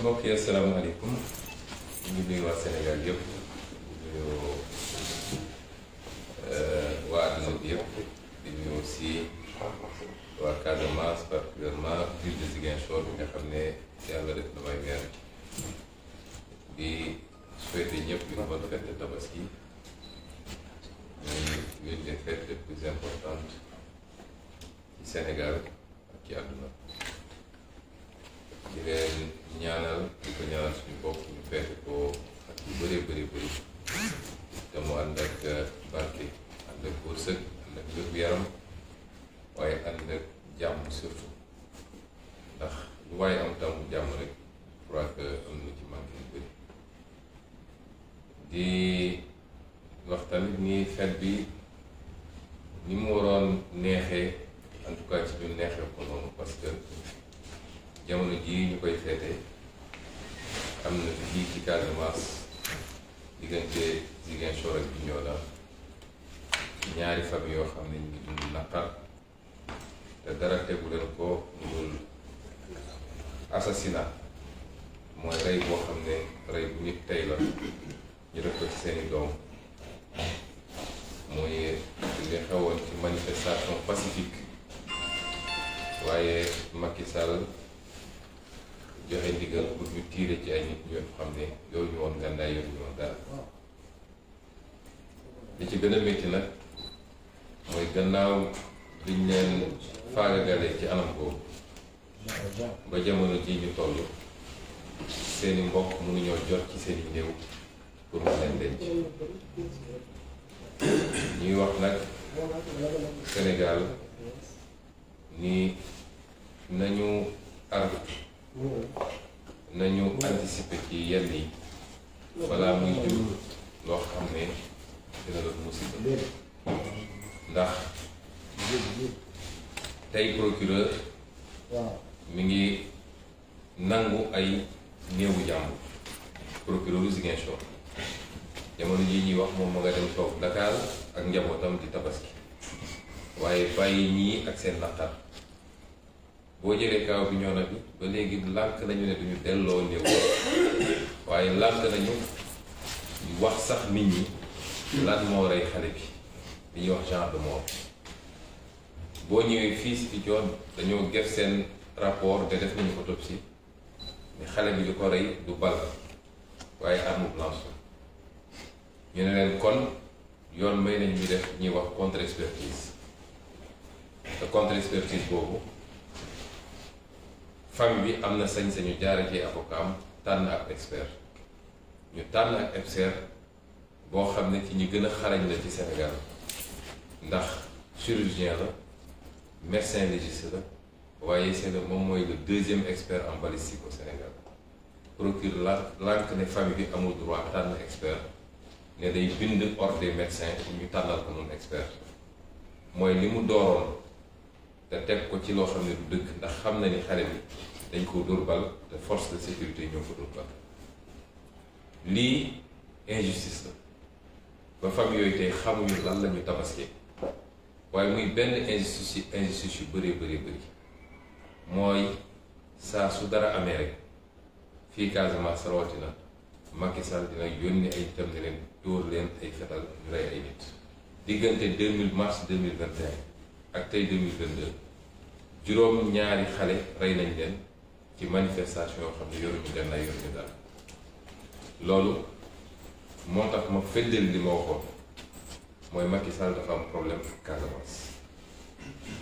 mbokk yi asalaamaaleykum ñu ngi nuyu waa Sénégal yëpp di eh, waa àdduna bi yëpp di nuyu aussi waa Casamance particulièrement ville de Ziguinchor bi nga xam ne yàlla def na may weer di souhaité ñëpp une bonne Tabaski muy l'une des fêtes les plus importantes ci Sénégal ak ci àdduna di leen ñaanal di ko ñaanal suñu bopp ñu fekk ko ak yu bëree bëri bëri te mu ànd ak barke ànd ak wërsëg ànd ak wér yaram waaye ànd ak jàmm surtout ndax lu waaye am tam jàmm rek je crois am na ci manqué yu bëri di wax tamit ni xet bi ni mu waroon neexee en tout cas ci neexee ko noonu parce jamono jii ñu koy feete am na fii ci Casamance diggante Ziguinchor ak Bignona ñaari famille yoo xam ne ñu ngi dund naqar te dara tegu ko dul assassinat mooy rey boo xam ne rey bu nit tey ñu def ko ci seeni doom mooy li xewoon ci manifestation pacifique waaye Macky Sall joxe ndigal pour ñu tiire ci ay nit xam ne yow ñu woon gànnaay yow ñu woon dara li ci gën a nag mooy gannaaw liñ leen faagagalee ci anam boobu ba jamono ji ñu toll seeni mbokk mënuñoo jot ci seeni néew pour mu leen denc ñuy wax nag Sénégal ni nañu arbitre nañu anticiper ci yenn yi balaa muy jur loo xam ne dina doon musiba ndax tey procureur mi ngi nangu ay néewu jàmbur procureur u Ziguinchor jamono ji ñuy wax moom ma nga dem toog Dakar ak njabootam di tabaski waaye bàyyi ñii ak seen naqar boo jëlee kaaw bi ñoo na bi ba léegi lànk nañu ne duñu delloo néew waaye lànk nañu wax sax nit ñi lan moo rey xale bi li ñuy wax genre de mort boo ñëwee fii si joon dañoo def seen rapport te def nañu autopsie ne xale bi du ko rey du bal waaye arme blanche ñu ne leen kon yoon may nañu ñu def ñuy wax contre expertise te contre expertise boobu famille bi am na sañ-sañu jaare ci avocat am tànn ak expert ñu tànn ak expert boo xam ne ci ñu gën a xarañ la ci Sénégal ndax chirurgien la médecin légiste la waaye c'est le moom mooy le deuxième expert en balistique au Sénégal procure la lank ne famille bi amul droit tànn expert ne day bind ordre des médecins ñu tànnal ko noonu expert mooy li mu dooroon te teg ko ci loo xam ne du dëkk ndax xam na ni xale bi dañ koo dóor bal te force de sécurité ñoo ko dóor bal lii injustice la ba famille yooyu tey xamuñu lan la ñu tabaskee waaye muy benn injustice yu injustice yu bëree bëri mooy saa su dara amee rek fii Casamance rawatina Macky Sall dina yónni ay itam ne leen dóor leen ay fetal ñu rey ay nit diggante 2000 mars 2021 ak tey 2022 juróom ñaari xale rey nañ leen ci manifestation yoo xam ne yoruñu leen lay yoruñu dara loolu moo tax ma feddeel li ma waxoon mooy Macky Sall dafa am problème Casamance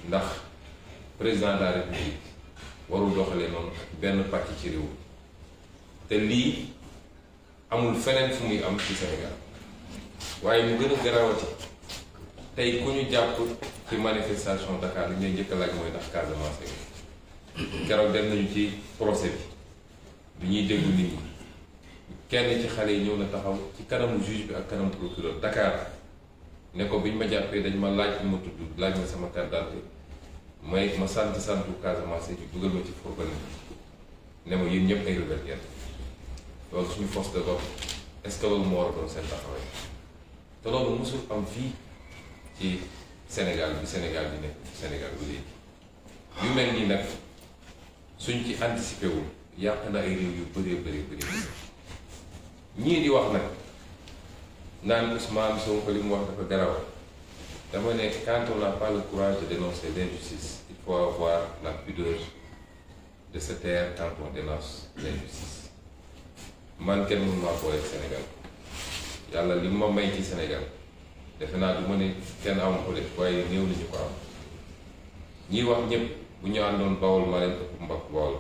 ndax président de la république warul doxale noonu benn pàcc ci réew te lii amul feneen fu muy am ci Sénégal waaye mu gën a garawati tey ku ñu jàpp ci manifestation Dakar li ñuy njëkk a laaj mooy ndax Casamance keroog dem nañu ci procès bi bi ñuy déglu nit ñi kenn ci xale yi ñëw na taxaw ci kanamu juge bi ak kanamu procureur Dakar ne ko biñ ma jàppee dañ ma laaj ma tudd laaj ma sama carte d'identité may ma sant santu Casamance ñu dugal ma ci fourgon ne ma yéen ñëpp ay rebelle ngeen loolu suñu force de bopp est-ce que loolu war a doon seen taxawaay te loolu mosul am fii ci. Sénégal bi Sénégal bi nekk Sénégal bu léegi yu mel nii nag suñ ci anticipé wul yàq na ay réew yu bëree bëree bëree ñii di wax nag naan Ousmane Sonko li mu wax dafa garaw dama ne quand on n'a pas le courage de dénoncer l'injustice il faut avoir la pudeur de se taire quand on dénonce l'injustice man kenn mënu maa booleeg Sénégal yàlla li ma may ci Sénégal. defe naa du ma ne kenn amu ko waaye néew nañu ko am ñiy wax ñëpp bu ñu àndoon bawol maa leen ëpp mbokk bawol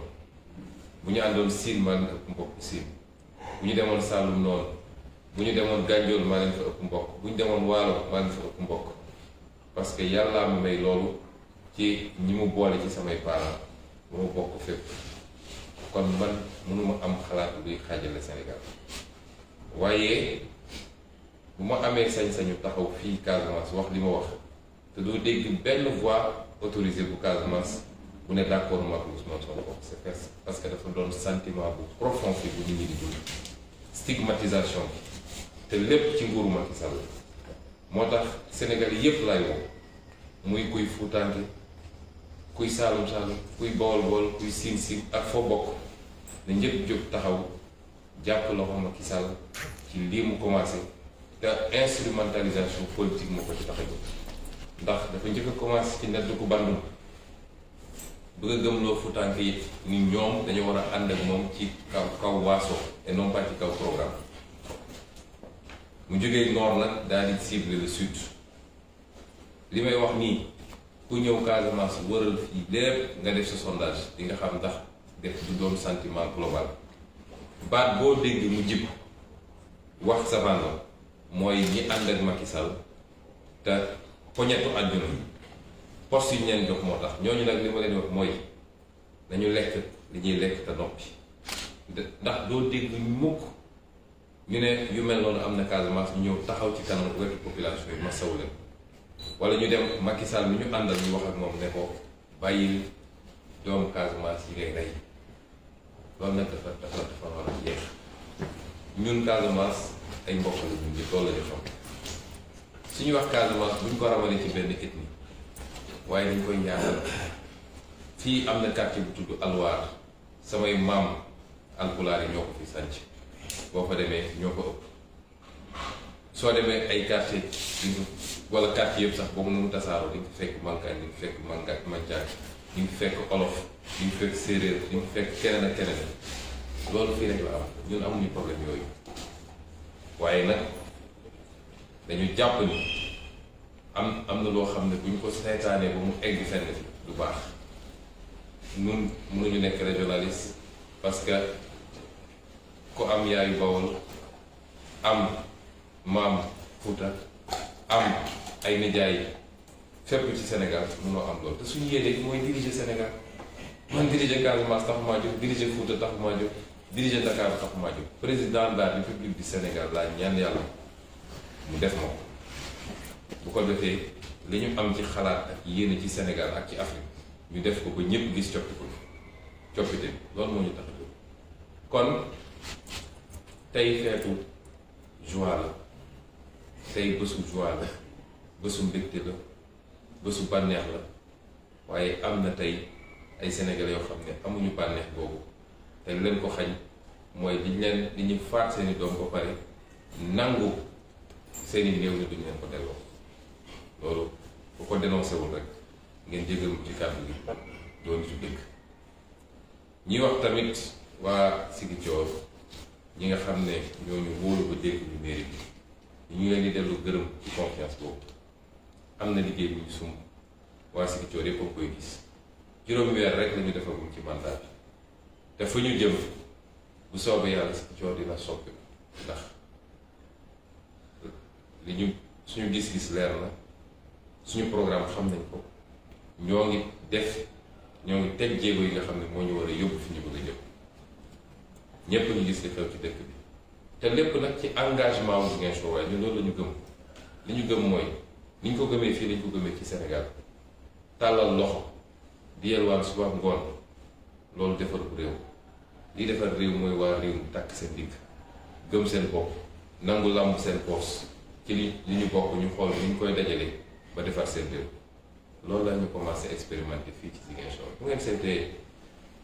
bu ñu àndoon siin maa leen ëpp mbokk siin bu ñu demoon sàllum noonu bu ñu demoon gànjool maa leen fa ëpp mbokk bu ñu demoon waalo maa leen fa ëpp mbokk parce que yàllaa ma may loolu ci ñi mu boole ci samay parents ba ma bokk fépp kon man mënuma am xalaat luy xaajale Sénégal waaye bu ma amee sañ-sañu taxaw fii Casamance wax li ma wax te doo dégg benn voix autorisée bu Casamance ku ne d'accord ma ak Ousmane Sonko parce que dafa doon sentiment bu profond fi bu nit ñi di stigmatisation bi te lépp ci nguuru Macky Sall moo tax Sénégal yépp laay muy kuy fuutaante kuy saalum saalum kuy bawol bawol kuy siin siin ak foo bokk na njëpp jóg taxaw jàpp loxo Macky Sall ci lii mu commencé te instrumentalisation politique moo ko ci tax a jóg ndax dafa njëkk a commencé ci nedd ku bandum bëgg a gëmloo futànk yi ni ñoom dañu war a ànd ak moom ci kaw waaso et non pas ci kaw programme mu jógee nord nag daal di cibler le sud li may wax nii ku ñëw Casamance wëral fii lépp nga def sa sondage di nga xam ndax def du doon sentiment global baat boo dégg mu jib wax savant la mooy ñi ànd ak Macky Sall te poñetu àdduna yi poste yi ñu leen jox moo tax ñooñu nag li ma leen wax mooy nañu lekk li ñuy lekk te noppi ndax doo dégg mukk ñu ne yu mel noonu am na Casamance ñu ñëw taxaw ci kanam wetu population yi masawu leen wala ñu dem Macky Sall mi ñu àndal ñu wax ak moom ne ko bàyyil doomu Casamance yi ngay rey loolu nag dafa dafa dafa war a jeex ñun Casamance. ay mbokk la ñu loolu la ñu xam suñu wax Casamance buñ ko ramalee ci benn ethnie waaye dañ koy ñaanal fii am na quartier bu tudd Alwaar samay maam alpulaar yi ñoo ko fi sànc boo fa demee ñoo ko ëpp soo demee ay quartier wala quartier yëpp sax boobu mu tasaaroo di nga fekk mankaan di nga fekk mankaan mancaak di nga fekk olof di nga fekk séeréer di nga fekk keneen ak keneen loolu fii rek la am ñun amuñu problème yooyu waaye nag dañu jàpp ni am am na loo xam ne bu ñu ko seetaanee ba mu egg fenn du baax nun mënuñu nekk régionaliste parce que ku am yaayu Bawol am maam Fuuta am ay nijaay fépp ci Sénégal mënoo am loolu te suñu yéene mooy diriger senegal man diriger Casamance taxu maa jóg diriger Fuuta taxu maa jóg diriger Dakar tax maa président de la république du Sénégal laa ñaan yàlla mu def ma ko bu ko defee li ñu am ci xalaat ak yéene ci Sénégal ak ci Afrique ñu def ko ba ñëpp gis coppiku coppite loolu moo ñu tax a kon tey feetu joie la tey bésu joie la bésu mbégte la bësu bànneex la waaye am na tey ay sénégalais yoo xam ne amuñu bànneex boobu. te lu leen ko xañ mooy diñ leen di ñu faat seeni doom ba pare nangu seeni néew ni duñ leen ko delloo loolu bu ko dénoncé wul rek ngeen jégal ci kàddu gi doon su dëkk ñuy wax tamit waa Sigicoor ñi nga xam ne ñooñu wóolu ba dégg ñu mairie bi ñu ngi leen di dellu gërëm ci confiance boobu am na liggéey bu ñu sumb waa Sigicoor yëpp a koy gis juróomi weer rek la ñu defagum ci mandat te fu ñu jëm bu soobee yàlla si coow dina soppi ndax li ñu suñu gis-gis leer na suñu programme xam nañ ko ñoo ngi def ñoo ngi teg jéego yi nga xam ne moo ñu war a yóbbu fi ñu bëgg a jëm ñépp ñu gis li xew ci dëkk bi te lépp nag ci engagement wu ngeen soo waaye ñun loolu la gëm li ñu gëm mooy ni ñu ko gëmee fii lañ ko gëmee ci senegal tàllal loxo di yelwaan suba ngoon loolu defar bu réew li defar réew mooy waa réew takk seen digg gëm seen bopp nangu làmb seen poos ci li li ñu bokk ñu xool ni ñu koy dajale ba defar seen réew loolu la ñu commencé expérimenter fii ci Ziguinchor bu ngeen seetee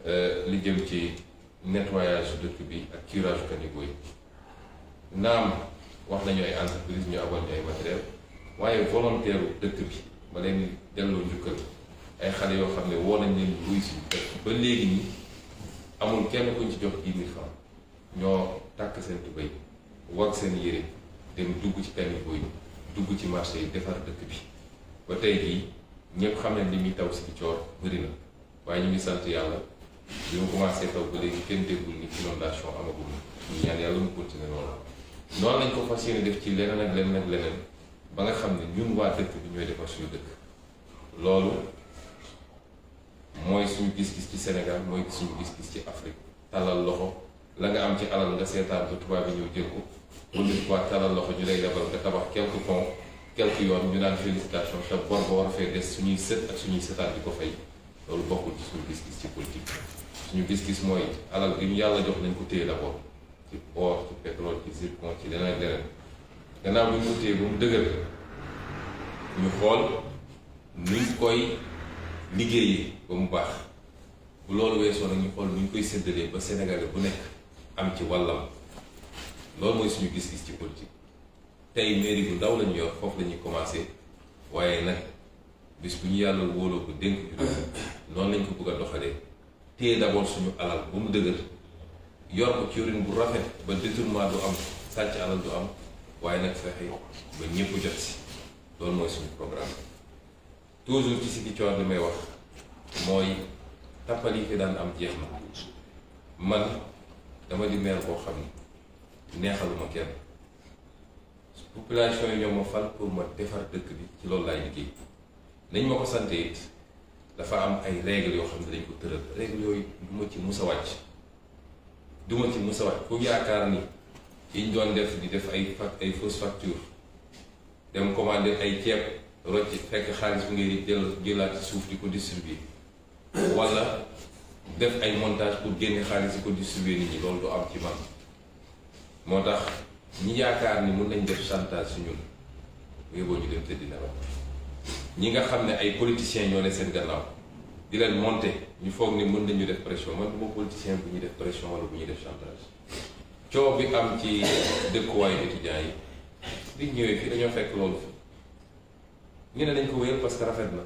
euh, li ci nettoyage dëkk bi ak curage caniveau yi naam wax nañu ay entreprise ñu abal ñu matériel waaye volontaire dëkk bi ba leen delloo njukkal ay xale yoo xam ne woo nañ luy si ba léegi nii amul kenn kuñ ci jox dix mille francs ñoo takk seen tubéy wag seen yére dem dugg ci caniveau yi dugg ci marché yi defar dëkk bi ba tey jii ñëpp xam nañ li muy taw si coor bëri na waaye ñu ngi sant yàlla bi mu commencé taw ba léegi kenn déggul ni inondation amagul ñu ñaan yàlla mu continuer noonu noonu lañ ko fas yéene def ci leneen ak leneen ak leneen ba nga xam ne ñun waa dëkk bi ñooy defar suñu dëkk loolu mooy suñu gis-gis ci senegal mooy suñu gis-gis ci Afrique talal loxo la nga am ci alal nga seetaan ko tubaab bi ñëw jël ko bu nit quoi talal loxo ñu lay lebal nga tabax quelques ponts quelques yoon ñu naan félicitation te bor ba war a fee des suñuy sët ak suñuy sëtaat di ko fay loolu bokkul ci suñu gis-gis ci politique suñu gis-gis mooy alal gi ñu yàlla jox nañ ko téye d'abord ci or ci pétrole ci zircon ci leneen ak leneen gannaaw bu ñu ko mu dëgër ñu liggéeyi ba mu baax bu loolu weesoo nag ñu xool nu ñu koy séddalee ba Sénégalais bu nekk am ci wàllam lool mooy suñu gis-gis ci politique tey mairie bu ndaw lañu yor foofu la ñuy commencé waaye nag bis bu ñu yàlla wóoloo ko dénk bi noonu lañ ko bëgg a doxalee téye d'abord suñu alal ba mu dëgër yor ko ci yorin bu rafet ba détournement du am sàcc alal du am waaye nag fexe ba ñëpp jot si loolu mooy suñu programme toujours ci Ziguinchor li may wax mooy tappal yi fi daan am jeex na man dama di maire boo xam ni neexaluma kenn population yi ñoo ma fal pour ma defar dëkk bi ci loolu laay liggéey nañ ma ko sante it dafa am ay règles yoo xam ne dañ ko tëral règles yooyu du ci mus a wàcc du ma ci mus a wàcc yaakaar ni yiñ doon def di def ay ay fausse facture dem commandé ay ceeb rocci fekk xaalis bu ngeen di jël jëlaat ci suuf di ko distribuer wala def ay montage pour génne xaalis di ko distribuer nit ñi loolu du am ci man moo tax ñi yaakaar ni mun nañ def chantage si ñun yóbboo ñu dem tëddi na ñi nga xam ne ay politiciens ñoo ne seen gannaaw di leen monter ñu foog ni mën nañu def pression man du ma politicien bu ñuy def pression wala bu ñuy def chantage coow bi am ci dëkkuwaayu étudiants yi biñ ñëwee fii dañoo fekk loolu. ñu ne nañ ko wéyal parce que rafet na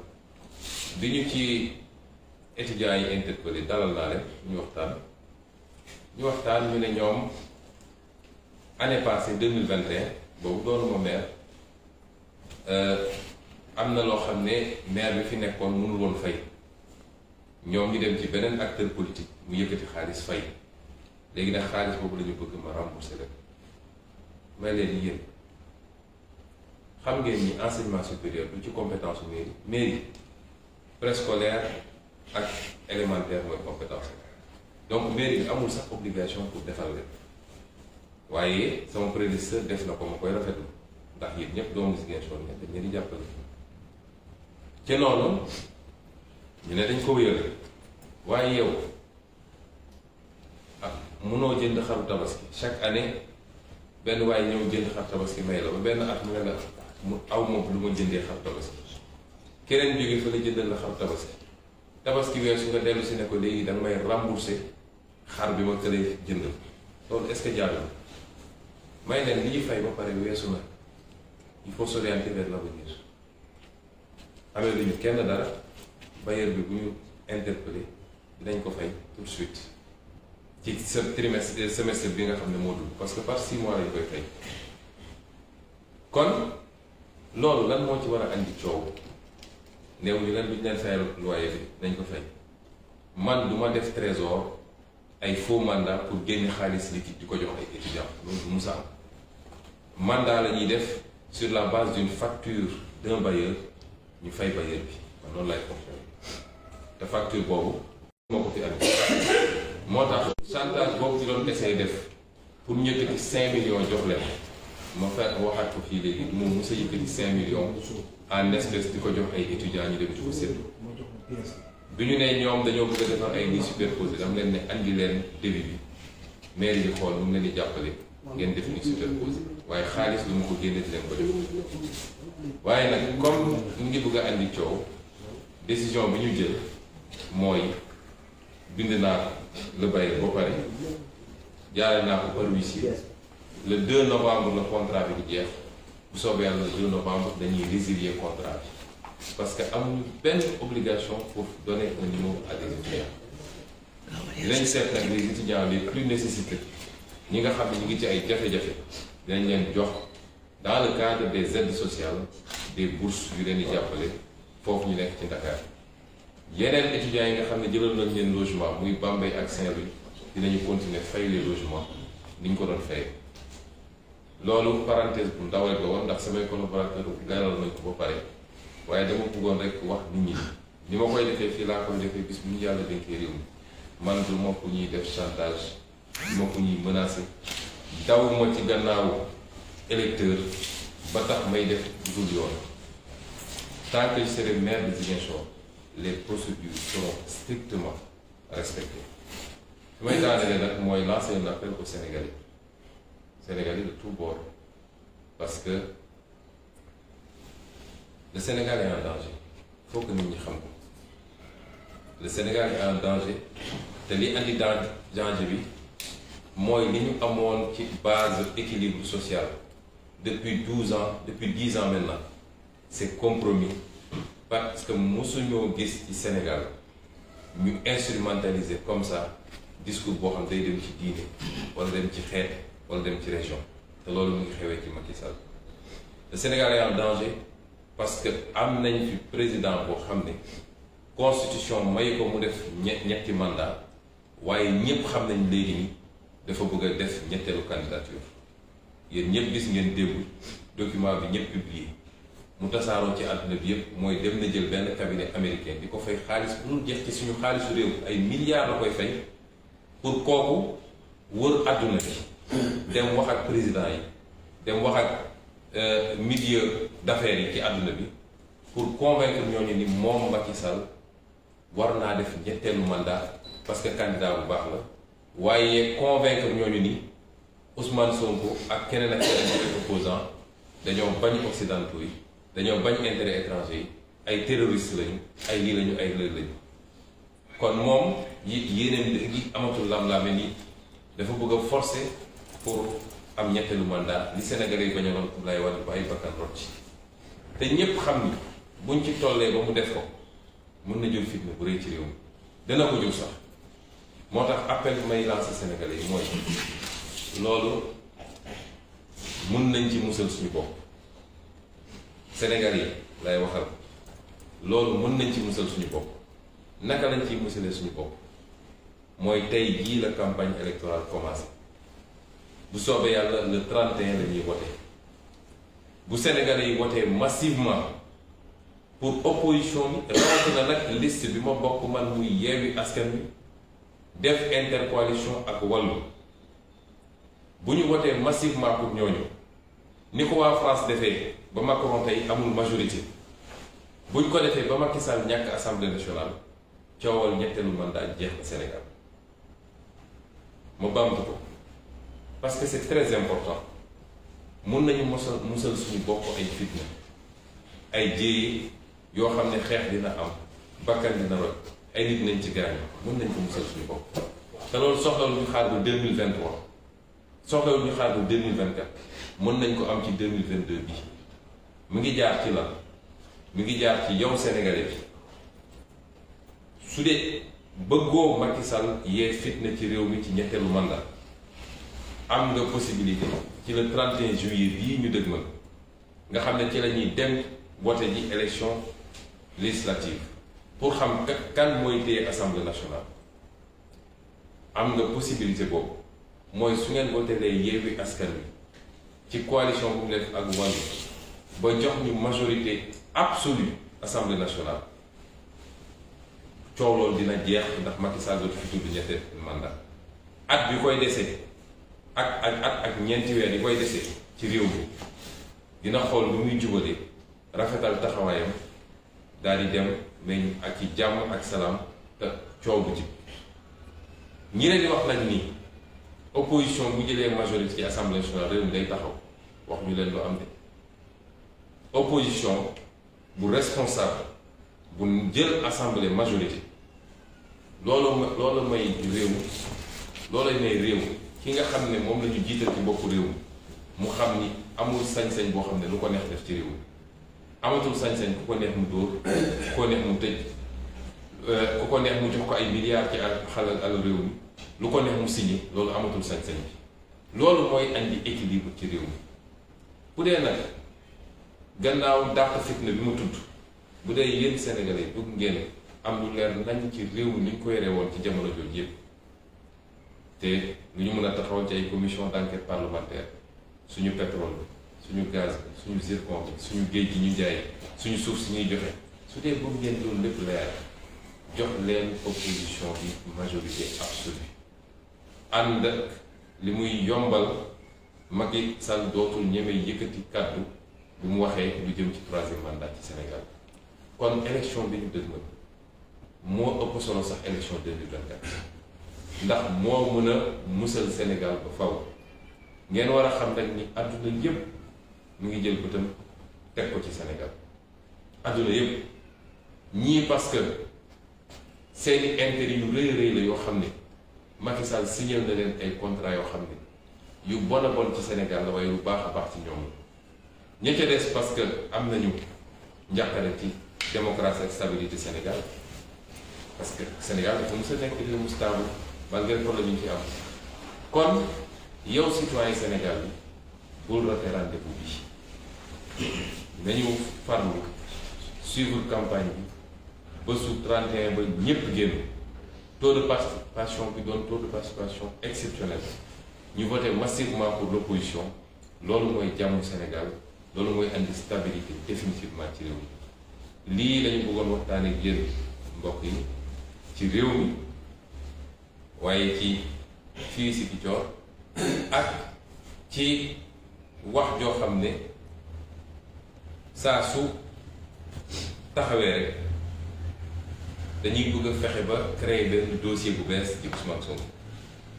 di ñu ci étudiants yi interpellé dalal naa leen ñu waxtaan ñu waxtaan ñu ne ñoom année passée 2021 boobu doonu ma maire euh, am na loo xam ne maire bi fi nekkoon mënul woon fay ñoom ñu dem ci beneen acteur politique mu yëkkati xaalis fay léegi nag xaalis boobu la ñu bëgg ma rembourser leen may leen yéen xam ngeen ni enseignement supérieur du ci compétence mairie mairie préscolaire ak élémentaire mooy compétence donc mairie bi amul sax obligation pour defal leen waaye sama prédécesseur def na ko ma koy rafetlu ndax yi ñëpp doomu Ziguinchor ne dañ leen di jàppale ca noonu ñu ne dañ ko wéyal waaye yow ah munoo jënd xaru tabaski chaque année benn waaye ñëw jënd xar tabaski may la ba benn at mu ne la mu aw ma lu ma jëndee xam tabaski keneen jógee fa la jëndal la xar tabaski tabaski weesu nga dellu si ne ko léegi danga may remboursé xar bi ma këlee jëndal loolu est-ce may leen li ñu fay ba pare weesu na il faut s'orienter vers l'avenir amee lu ñu kenn dara bailleur bi bu ñu interpellé dinañ ko fay tout de suite ci sa trimestre euh, semestre bi nga xam ne moo dugg parce que par six mois lañ koy fay kon loolu lan moo ci war a andi coow néew ñu leen duñ leen fayal loyer bi nañ ko fay man du ma def trésor ay faux mandat pour génn xaalis liquide di ko jox ay étudiants loolu du musa am la ñuy def sur la base d'une facture d'un bailleur ñu fay bailleur bi man noonu lay fonctionné te facture boobu moo ko fi am moo tax chantage boobu ci doon essayé def pour ñu yëkkati million millions jox ma fa waxaat ko fii léegi moom mos a yëkkati cinq millions en espèce di ko jox ay étudiants ñu dem di ko séddu bi ñu ne ñoom dañoo bëgg a defar ay lits superposés dama leen ne andi leen débit bi mairie di xool nu mu leen di jàppale ngeen def lits superposés waaye xaalis lu mu ko génne di leen ko def waaye nag comme mu ngi bëgg a andi coow décision bi ñu jël mooy bind naa la bàyyi ba pare jaare naa ko par huissier le 2 novembre la contrat bi di jeex bu soobee yàlla le 2 novembre dañuy résilier contrat parce que amuñu benn obligation pour donner un numéro à des étudiants dinañ seet ñi nga xam ne ñu ngi ci ay jafe-jafe dinañ leen jox daal le cadre des aides sociales des bourses yu leen di jàppale foofu ñu nekk ci Dakar yeneen étudiants yi nga xam ne jëlal nañ leen logement muy Bambey ak Saint-Louis dinañu continuer fay les logements ni ñu ko doon fayee. loolu parenthèse bu ndaw rek la woon ndax samay collaborateur leeral nañ ko ba pare waaye dama bëggoon rek wax nit ñi ni ma koy defee fii laa koy defee bis bu ñu yàlla dénkee réew mi man du ma ko ñuy def chantage du ma ko ñuy menacer daw ma ci gannaawu électeur ba tax may def dul yoon tant maire de Ziguinchor les procédures seront strictement respectées li may daanelee nag mooy lancer un appel aux Sénégalais. Sénégalais de tous bords parce que le Sénégal est en danger faut que nit ñi xam ko le Sénégal est en danger te li andi dans danger bi mooy li ñu amoon ci base équilibre sociale depuis douze ans depuis dix ans maintenant c'est compromis parce que mosuñoo gis ci Sénégal ñu instrumentaliser comme ça discours boo xam day dem ci diine wala dem ci xeet wala dem ci région te loolu mu ngi xewee ci Macky Sall le Sénégal est en danger parce que am nañ fi président boo xam ne constitution may ko mu def ñe ñetti mandat waaye ñépp xam nañ léegi ni dafa bëgg a def ñetteelu candidature yéen ñépp gis ngeen démb document bi ñépp publié mu tasaaroo ci àdduna bi yépp mooy dem na jël benn cabinet américain di ko fay xaalis bu dul jeex ci suñu xaalisu réew ay milliards a koy fay pour kooku wër àdduna bi dem wax ak président yi dem wax ak euh, milieu d'affaires yi ci àdduna bi pour convaincre ñooñu ni moom Macky Sall war naa def ñetteelu mandat parce que candidat bu baax la waaye convaincre ñooñu ni Ousmane Sonko ak keneen ak keneen ak opposant dañoo bañ occidentaux yi dañoo bañ intérêt étranger yi ay terroristes lañu ay lii lañu ay lëg lañu kon moom yi yéeneen yi amatul lam-laame ni dafa bëgg a pour am ñetteelu mandat li Sénégalais yi bañoon Abdoulaye Wade ba ay bakkan rot te ñépp xam ni buñ ci tollee ba mu def ko mën na jël fitna bu rëy ci réew mi dana ko jël sax moo tax appel may lancer Sénégalais yi mooy loolu mun nañ ci musal suñu bopp Sénégal yi lay waxal loolu mën nañ ci musal suñu bopp naka lañ ciy musalee suñu bopp mooy tey jii la campagne électorale commencé bu soobee yàlla le 31 la ñuy wote bu Sénégalais yi wotee massivement pour opposition bi rawatina nag liste bi ma bokk man muy yeewi askan bi def intercoalition ak wàllu bu ñu wotee massivement pour ñooñu ni ko waa France defee ba Macron tey amul majorité buñ ko defee ba Macky ñàkk assemblée nationale coowal ñetteelu mandat jeex na Sénégal ma bamtu ko. parce que c'est très important mun nañu mosal musal suñu bopp ay fitna ay jéeye yoo xam ne xeex dina am bakkan dina roj ay nit nañ ci gaañu mun nañ ko musal suñu bopp te loolu soxlawul ñu xaar bu 2023 soxlawul ñu xaar bu 2024 mën nañ ko am ci 2022 bi mu ngi jaar ci lan mu ngi jaar ci yow Sénégalais bi su dee bëggoo Macky Sall yee fitna ci réew mi ci ñetteelu mandat am nga possibilité ci le 31 juillet yii ñu dëgmal nga xam ne ci la ñuy dem voté ji élection législative pour xam kan mooy téye assemblée nationale am nga possibilité boobu mooy su ngeen votelee Yewwi Askan Wi ci coalition bu mu ak Wallu ba jox ñu majorité absolue assemblée nationale coow loolu dina jeex ndax Macky Sall fi tudd ñetteel mandat at bi koy desee ak ak ñeenti weer yi koy dese ci réew mi dina xool lu muy jubale rafetal taxawaayam daal di dem nañ ak ci jàmm ak salaam te coow bu ñi leen di wax nag nii opposition bu jëlee majorité ci assemblée nationale réew mi day taxaw wax ñu leen lu am de opposition bu responsable bu jël assemblée majorité loolu loolu may réew loolu may réew ki nga xam ne moom la ñu jiital ci bopp réew mi mu xam ni amul sañ-sañ boo xam ne lu ko neex def ci réew mi amatul sañ-sañ ko neex mu dóor ku ko euh, ko neex mu jox ko ay milliards ci al lu ko neex mu loolu amatul sañ bi loolu mooy andi équilibre ci réew mi bu dee nag gannaaw dàq fitna bi mu tudd bu dee yéen sénégalais bëgg ngeen am lu leer nañ ci réew mi ñu ko yoree woon ci jamono jooju yëpp. te lu ñu mën a taxawal ci ay commission d' parlementaire suñu pétrole bi suñu gaz bi suñu zircon bi suñu géej gi ñu jaay suñu suuf si ñuy joxe su dee bëgg ngeen loolu lépp leer jox leen opposition bi majorité absolue ànd ak li muy yombal Macky Sall dootul ñeme yëkkati kàddu bu mu waxee lu jëm ci troisième mandat ci Sénégal kon élection bi ñu dëgmal moo ëpp solo sax élection 2024 ndax moo mën a musal Sénégal ba faw ngeen war a xam rek ni àdduna yépp mu ngi jël bëtam teg ko ci Sénégal àdduna yépp ñii parce que seeni intérêt yu rëy la yoo xam ne Macky Sall signé na leen ay contrat yoo xam ne yu bon a bon ci Sénégal la lu baax a baax ci ñoom ña ca des parce que am nañu njàqare ci démocratie ak stabilité Sénégal parce que Sénégal dafa mos a nekk réew mu malgré problème yi ñu ci am kon yow citoyen Sénégal bi bul rater rendez-vous bi nañu farlu suivre campagne bi ba su 31 ba ñépp génn taux de participation bi doon taux de participation exceptionnel ñu voté massivement pour l'opposition loolu mooy jàmm Sénégal loolu mooy indi stabilité définitivement ci réew mi lii lañu bëggoon waxtaan ak mbokk yi ci réew mi waaye ci fii si ak ci wax joo xam ne saa su taxawee rek dañuy bëgg a fexe ba créer benn dossier bu bees ci Ousmane Sonko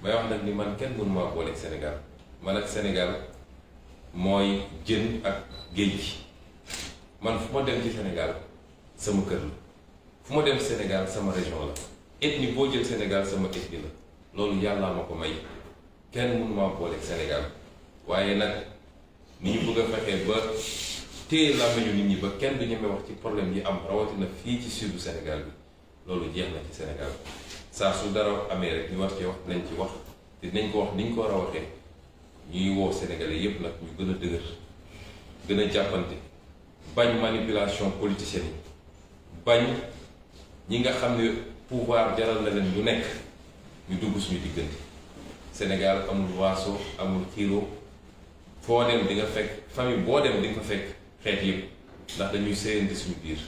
may wax nag ni man kenn mënu maa boole Sénégal man ak Sénégal mooy jën ak géej gi man fu ma dem ci Sénégal sama kër la fu ma dem Sénégal sama région la ethnie boo jël Sénégal sama ethnie la loolu yàllaa ma ko may kenn mënu maa booleeg Sénégal waaye nag ni ñu bëgg a fexee ba téye làmmiñu nit ñi ba kenn du ñeme wax ci problème yi am rawatina fii ci sudu Sénégal bi loolu jeex na ci Sénégal saa su dara amee rek ñu war cee wax dinañ ci wax te dinañ ko wax ni ñu ko war a waxee ñuy woo Sénégalais yépp nag ñu gën a dëgër gën a jàppante bañ manipulation politicienne yi bañ ñi nga xam ne. pouvoir jaral na leen bu nekk ñu dugg suñu diggante Sénégal amul waaso amul xiiroo foo dem di nga fekk famille boo dem di nga fa fekk xeet yëpp ndax dañuy séyante suñu biir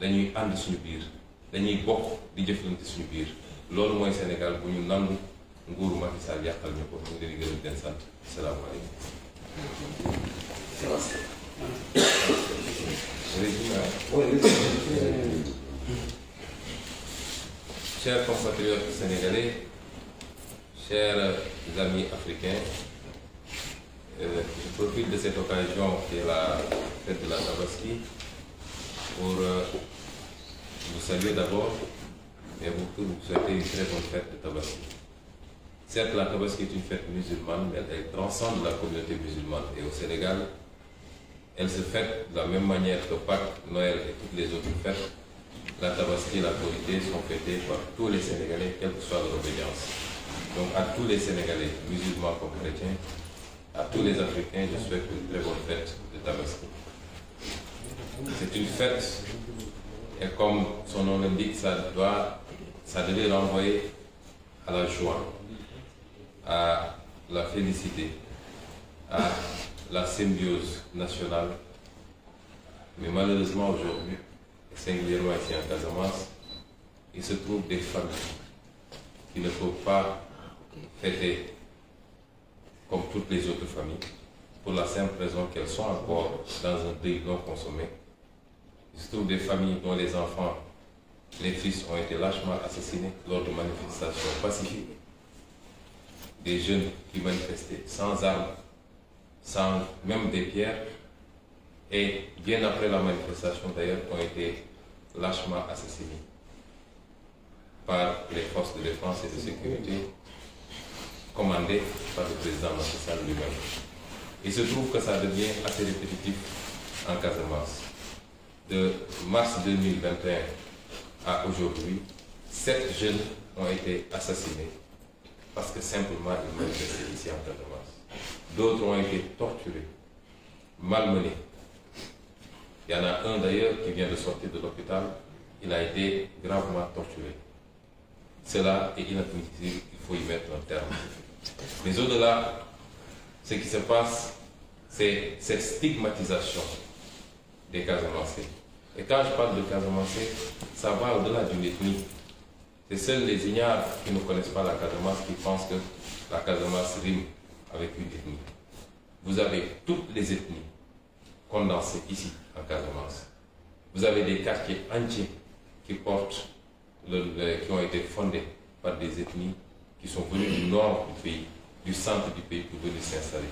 dañuy ànd suñu biir dañuy bokk di jëflante suñu biir loolu mooy Sénégal bu ñu nangu nguuru Macky Sall yàqal ñu ko ñu ngi leen di gërëm di chers compatriotes sénégalais, chers amis africains, euh, je profite de cette occasion qui est la fête de la Tabaski pour euh, vous saluer d'abord et vous, vous une très bonne fête de Tabaski. Certes, la Tabaski est une fête musulmane, mais elle, elle la communauté musulmane et au Sénégal, elle se fête de la même manière que Pâques, Noël et toutes les autres fêtes la Tabaski et la Korité sont fêtées par tous les Sénégalais, quelle que soit leur obédience. Donc à tous les Sénégalais, musulmans comme chrétiens, à tous les Africains, je souhaite une très bonne fête de Tabaski. C'est une fête, comme son nom ça, devait l'envoyer à la joie, à la félicité, à la symbiose nationale. Mais malheureusement aujourd'hui, et singulièrement ici en Casamance, il se trouve des familles qui ne peuvent pas fêter comme toutes les autres familles, pour la simple raison qu'elles sont encore dans un deuil consommé. Il se trouve des familles dont les enfants, les fils ont été lâchement assassinés lors de manifestations pacifiques. Des jeunes qui manifestaient sans armes, sans même des pierres, et bien après la manifestation d'ailleurs ont été lâchement assassinés par les forces de défense et de sécurité commandées par le président Macky Sall lui-même. Il se trouve que ça devient assez répétitif en Casamance. De mars à aujourd'hui, sept jeunes ont été assassinés parce que simplement ils manifestaient ici en Casamance. D'autres ont été torturés, malmenés, Il y en a un d'ailleurs qui vient de sortir de l'hôpital, il a été gravement torturé. Cela est inadmissible, il faut y mettre un terme. Mais au-delà, ce qui se passe, c'est cette stigmatisation des Casamancés. Et quand je parle de Casamancés, ça va au-delà d'une ethnie. C'est seuls les ignares qui ne connaissent pas la Casamance qui pensent que la Casamance rime avec une ethnie. Vous avez toutes les ethnies condensés ici en Casamance. Vous avez des quartiers entiers qui portent, qui ont été fondés par des ethnies qui sont venues du nord du pays, du centre du pays pour venir s'installer.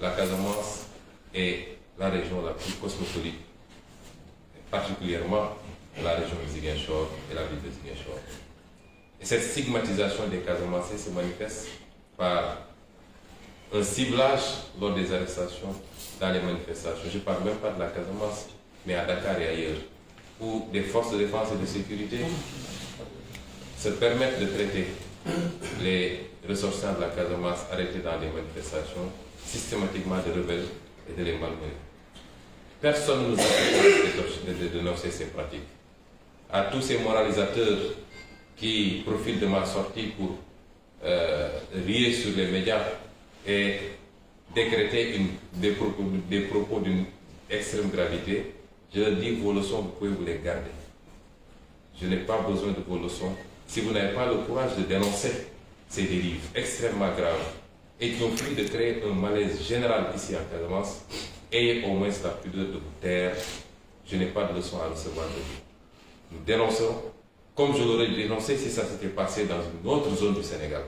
La Casamance est la région la plus cosmopolite, particulièrement la région de et la ville de Ziguinchor. Et cette stigmatisation des se manifeste un ciblage lors des arrestations dans les manifestations. Je parle même de la Casamance, mais à Dakar et ailleurs, où des forces de défense et de sécurité se permettent de traiter les ressortissants de la Casamance arrêtés dans les manifestations systématiquement de rebelles et de les malmenés. Personne nous a de dénoncer ces pratiques. À tous ces moralisateurs qui profitent de ma sortie pour euh, sur les médias et décréter une, des propos, d'une extrême gravité, je leur dis vos leçons, vous pouvez vous les garder. Je n'ai pas besoin de vos leçons. Si vous n'avez pas le courage de dénoncer ces dérives extrêmement graves et qui ont de créer un malaise général ici à Casamance, ayez au moins la pudeur de vous taire. Je n'ai pas de leçons à recevoir de vous. Nous comme je l'aurais dénoncé si ça s'était passé dans une autre zone du Sénégal.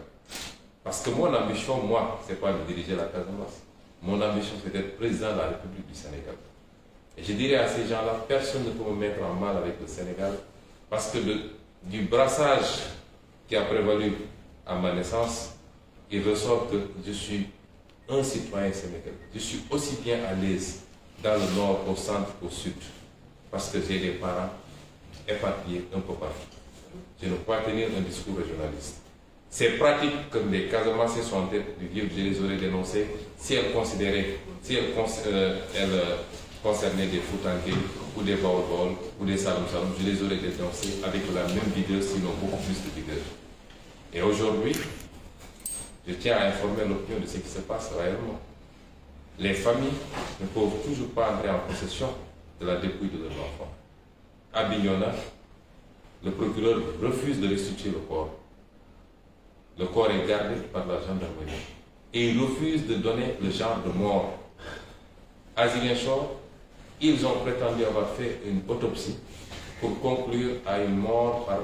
Parce que mon ambition, moi, c'est pas de diriger la Casamance. Mon ambition, c'est d'être président de la République du Sénégal. je dirais à ces gens-là, personne ne peut me mettre en mal avec le Sénégal, parce que de, du brassage qui a prévalu à ma naissance, il ressort que je suis un citoyen sénégalais. Je suis aussi bien à l'aise dans le nord, au centre, au sud, parce que j'ai des parents éparpillés un peu Je ne pas tenir un discours régionaliste. Ces pratiques que les Casamançais sont je les aurais dénoncées si elles considéraient, si elles, euh, euh, concernaient des Foutangués ou des Baobol ou des Saloum Saloum, je les aurais dénoncées avec la même vidéo, sinon beaucoup plus de vidéos. Et aujourd'hui, je tiens à informer l'opinion de ce qui se passe réellement. Les familles ne peuvent toujours pas entrer en possession de la dépouille de leurs enfants. À le procureur refuse de Le corps est gardé par la gendarmerie. Et ils refusent de donner le genre de mort. À Ziguinchor, ils ont prétendu avoir fait une autopsie pour conclure à une mort par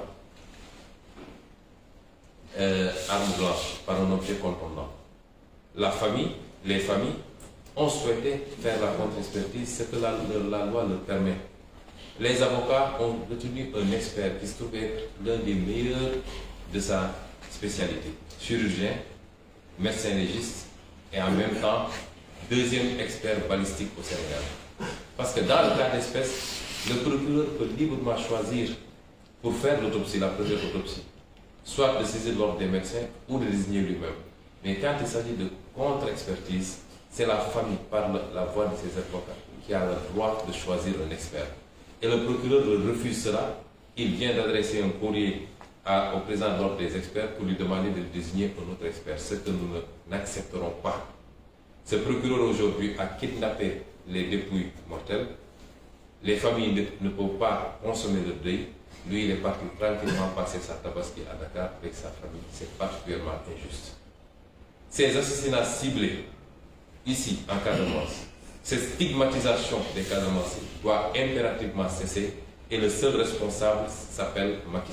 euh, arme par un objet contondant. La famille, les familles, ont souhaité faire la contre ce que la, la, loi le permet. Les avocats ont retenu un expert qui l'un des meilleurs de sa spécialités chirurgien médecin légiste et en même temps deuxième expert balistique au Sénégal parce que dans le cas d'espèce le procureur peut librement choisir pour faire l'autopsie la première autopsie soit de saisir l'ordre des médecins ou de désigner lui-même mais quand il s'agit de contre-expertise c'est la famille par la voix de ses avocats qui a le droit de choisir un expert et le procureur le refuse cela il vient d'adresser un courrier à, au président de l'ordre des experts pour lui demander de désigner un autre expert, ce que nous n'accepterons pas. Ce procureur aujourd'hui a kidnappé les dépouilles mortelles. Les familles ne, ne peuvent pas consommer le deuil. Lui, il est parti tranquillement passer sa tabaski à Dakar avec sa famille. C'est particulièrement injuste. Ces assassinats ciblés, ici, en Casamance, cette stigmatisation des Casamanciens doit impérativement cesser et le seul responsable s'appelle Macky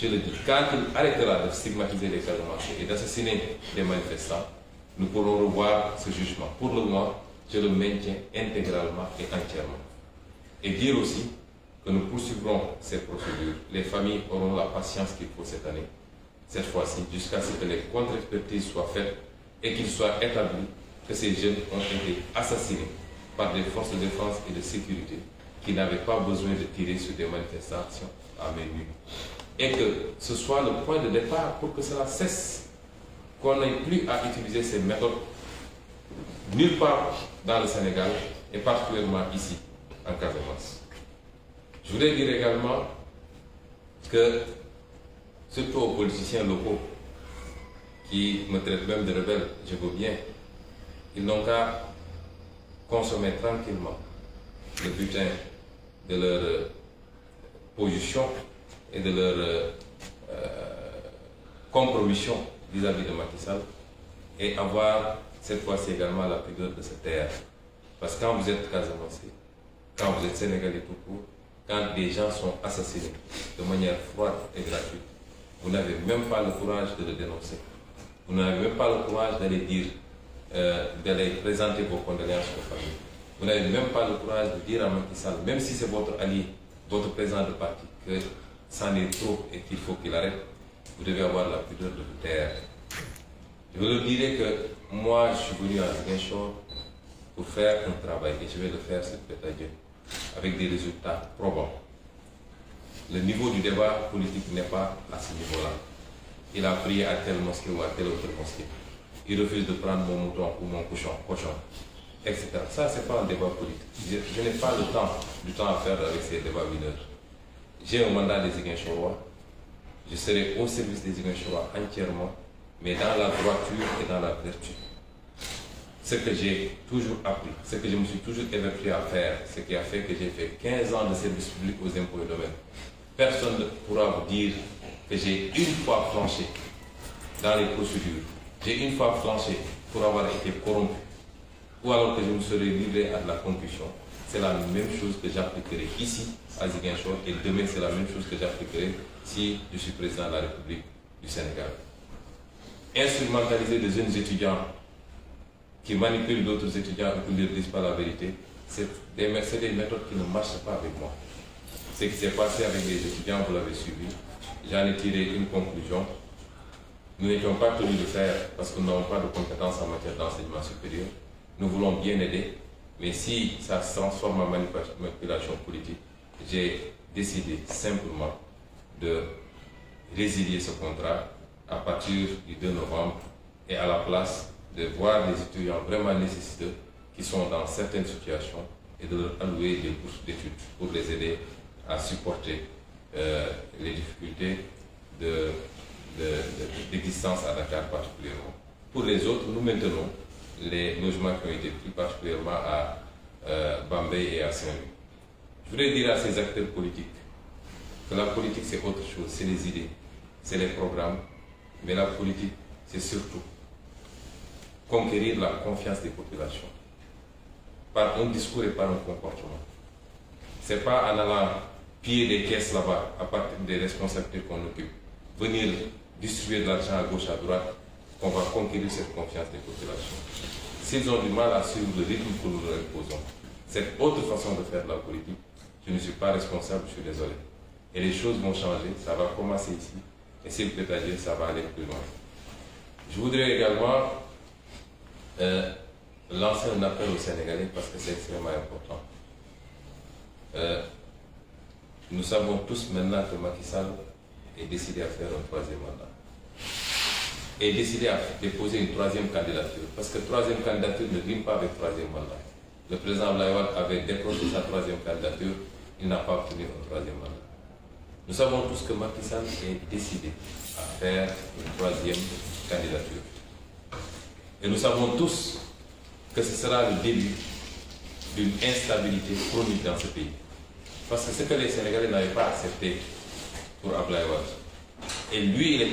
je le dis, quand il arrêtera de stigmatiser les calomnies et d'assassiner des e manifestants, nous pourrons revoir ce jugement. Pour le moment, je le maintiens intégralement et entièrement. Et dire aussi que nous poursuivrons ces procédures. Les familles auront la patience qu'il faut cette année, cette fois-ci, jusqu'à ce que les contre-expertises soient faites et qu'il soit établi que ces jeunes ont été assassinés par des forces de défense et de sécurité de tirer et que ce soit le point de départ pour que cela cesse, qu'on n'ait plus à utiliser ces méthodes nulle part dans le Sénégal et particulièrement ici, en Casamance. Je voudrais dire également que, surtout aux politiciens locaux qui me traitent même de rebelle, je veux bien, ils n'ont qu'à consommer tranquillement le butin de leur position et de leur euh, euh, compromission vis de Macky et avoir cette fois également la pudeur de se taire. Parce que quand vous êtes Casamançais, quand vous êtes Sénégalais tout court, quand des gens sont assassinés de manière froide et gratuite, vous n'avez même pas le courage de le dénoncer. Vous n'avez même pas le courage d'aller dire, euh, d'aller présenter vos condoléances aux familles. Vous n'avez même pas le courage de dire à Macky même si c'est votre allié, votre c'en est trop et qu'il arrête, vous devez avoir la pudeur de vous taire. Je vous dirai que moi, je suis venu à Ziguinchor pour faire un travail et je vais le faire, cette à avec des résultats probants. Le niveau du débat politique n'est pas à ce niveau-là. Il a prié à telle mosquée ou à telle autre mosquée. Il refuse de prendre mon mouton ou mon cochon, cochon etc. Ça, c'est pas un débat politique. Je, n'ai pas le temps, du temps à faire avec ces débats mineurs. j'ai un mandat des Ziguinchorois je serai au service des Ziguinchorois entièrement mais dans la droiture et dans la vertu ce que j'ai toujours appris ce que je me suis toujours évertué à faire ce qui a fait que ans de service public aux impôts et domaines personne ne pourra vous dire que j'ai une fois flanché dans les procédures j'ai une fois flanché pour avoir été corrompu ou alors que je me serais livré à de la concussion c'est la même chose que j'appliquerai ici à Ziguinchor et demain c'est la même chose que j'appliquerai si je suis président de la République du Sénégal. Instrumentaliser des jeunes étudiants qui manipulent d'autres étudiants et qui ne leur la vérité, c'est des, méthodes qui ne marchent pas avec moi. Ce qui s'est passé avec les étudiants, vous l'avez suivi, j'en ai une conclusion. Nous n'étions pas tenus de faire parce que nous n'avons pas de compétences Mais si ça se transforme en manipulation politique, j'ai décidé simplement de résilier ce contrat à partir du 2 novembre et à la place de voir les étudiants vraiment nécessiteux qui sont dans certaines situations et de leur allouer des bourses d'études pour les aider à supporter euh, les difficultés d'existence de, à Dakar particulièrement. Pour les autres, nous maintenons les logements qui ont été plus particulièrement à euh, Bambay et à Saint-Louis. Je voudrais dire à ces acteurs politiques que la politique c'est autre chose, c'est les idées, c'est les programmes, mais la politique c'est surtout conquérir la confiance des populations par un discours et par un comportement. C'est pas en allant piller des caisses là à partir des responsabilités qu'on occupe, venir distribuer de l'argent à gauche, à droite, qu'on va conquérir cette confiance des populations. S'ils ont du mal à suivre le rythme que nous leur imposons, autre façon de faire de la politique, je ne suis pas responsable, je désolé. Et les choses vont changer, ça va commencer ici, et si vous pétagez, ça va aller plus loin. Je voudrais également euh, lancer un appel aux parce que c'est extrêmement important. Euh, nous savons tous maintenant que Macky Sall est décidé à faire un troisième est décidé à déposer une troisième candidature. Parce que troisième candidature ne rime pas avec troisième mandat. Le président Blaïwad avait décroché sa troisième candidature, il n'a pas obtenu un troisième mandat. Nous savons tous que Macky Sall est décidé à faire une troisième candidature. Et nous savons tous que ce sera le début d'une instabilité chronique dans ce pays. Parce que ce que les Sénégalais n'avaient pas accepté pour Ablaïwad. Et lui, il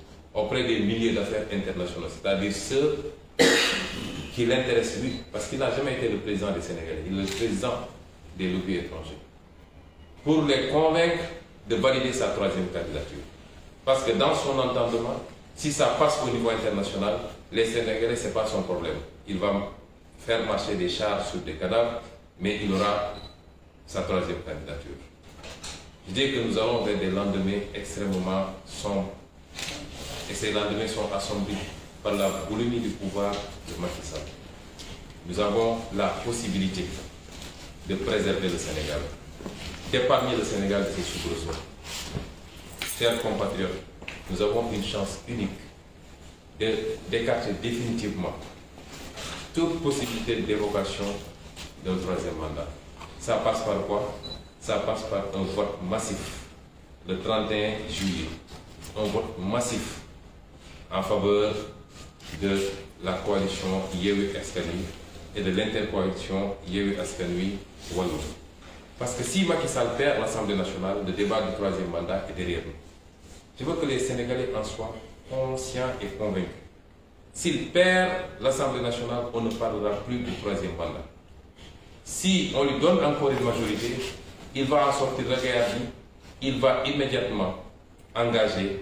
auprès des milieux d'affaires internationaux, c'est-à-dire ceux qui l'intéressent lui, parce qu'il n'a jamais été le président des Sénégalais, il est le président des lobbies étrangers, pour les convaincre de valider sa troisième candidature. Parce que dans son entendement, si ça passe au niveau international, les Sénégalais, ce n'est pas son problème. Il va faire marcher des chars sur des cadavres, mais il aura sa troisième candidature. Je dis que nous et ces lendemains sont par la boulimie du pouvoir de Macky Nous avons la possibilité de préserver le Sénégal, d'épargner le Sénégal de ses soubresauts. Chers compatriotes, nous avons une chance unique d'écarter définitivement toute possibilité d'évocation d'un troisième mandat. Ça passe par quoi Ça passe par un vote massif le juillet. Un vote massif en faveur de la coalition Yewwi Askan Wi et de l'intercoalition Yewwi Askan Wi Wallu. Parce que si Macky Sall perd l'Assemblée nationale, le débat du troisième mandat est derrière Je veux que les Sénégalais en soient conscients et convaincus. S'il perd l'Assemblée nationale, on ne parlera plus du troisième mandat. Si on lui donne encore une majorité, il va en sortir la guerre, il va immédiatement engager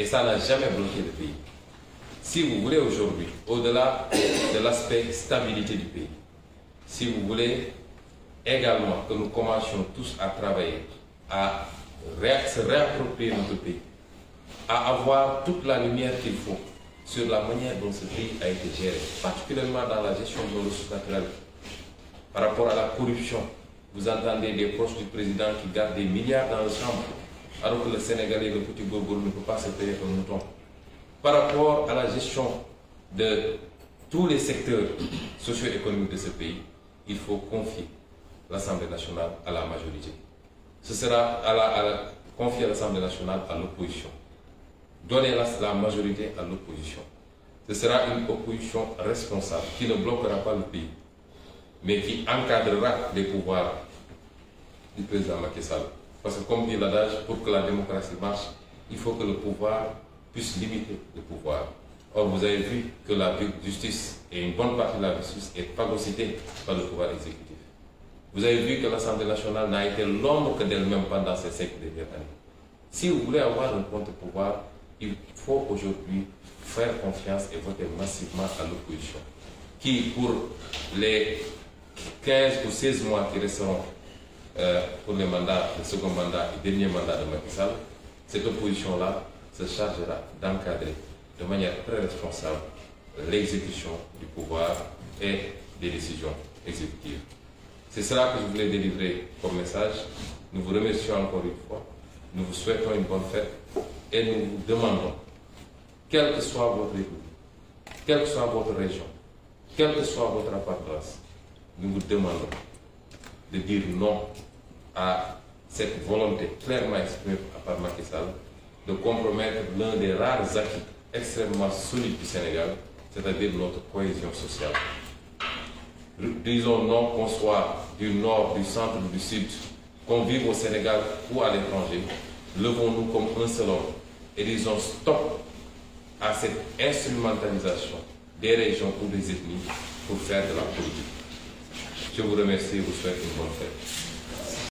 Et ça n'a jamais bloqué le pays. Si vous voulez aujourd'hui, au-delà de l'aspect stabilité du pays, si vous voulez également que nous commencions tous à travailler, à se réapproprier notre pays, à avoir toute la lumière qu'il faut sur la manière dont ce pays a été géré, particulièrement dans la gestion de nos ressources naturelles, par rapport à la corruption. Vous entendez des proches du président qui gardent des milliards dans alors que le Sénégalais le petit góorgóorlu ne peut pas par rapport à la gestion de tous les secteurs socio-économiques de ce pays il faut confier l'Assemblée nationale à la majorité ce sera à la, à la confier l'Assemblée nationale à l'opposition donner la, la majorité à l'opposition ce sera une opposition responsable qui ne bloquera pas le pays mais qui encadrera les pouvoirs du président Macky Sall Parce que comme dit l'adage, pour que la démocratie marche, il faut que le pouvoir puisse limiter le pouvoir. Or, vous avez vu que la justice et une bonne partie de la justice est phagocytée par le pouvoir exécutif. Vous avez vu que l'Assemblée nationale n'a été l'ombre que d'elle-même pendant ces cinq dernières années. Si vous voulez avoir un contre-pouvoir, il faut aujourd'hui faire confiance et voter massivement à l'opposition, qui pour les 15 Euh, pour les mandats, le second mandat et dernier mandat de Macky Sall, cette opposition-là se chargera d'encadrer de manière très responsable l'exécution du pouvoir et des décisions exécutives. C'est cela que je voulais délivrer comme message. Nous vous remercions encore une fois. Nous vous souhaitons une bonne fête et nous vous demandons, quelle soit votre écoute, quelle soit votre région, quelle soit votre appartenance, nous vous demandons de dire non à cette volonté clairement exprimée par Macky Sall de compromettre l'un des rares acquis extrêmement solides du Sénégal, c'est-à-dire notre cohésion sociale. Disons non qu'on du nord, du centre du sud, qu'on vive au Sénégal ou à l'étranger, levons-nous comme un seul et disons stop à cette instrumentalisation des régions ou des ethnies pour faire de la politique. Je vous remercie et vous souhaite une bonne fête.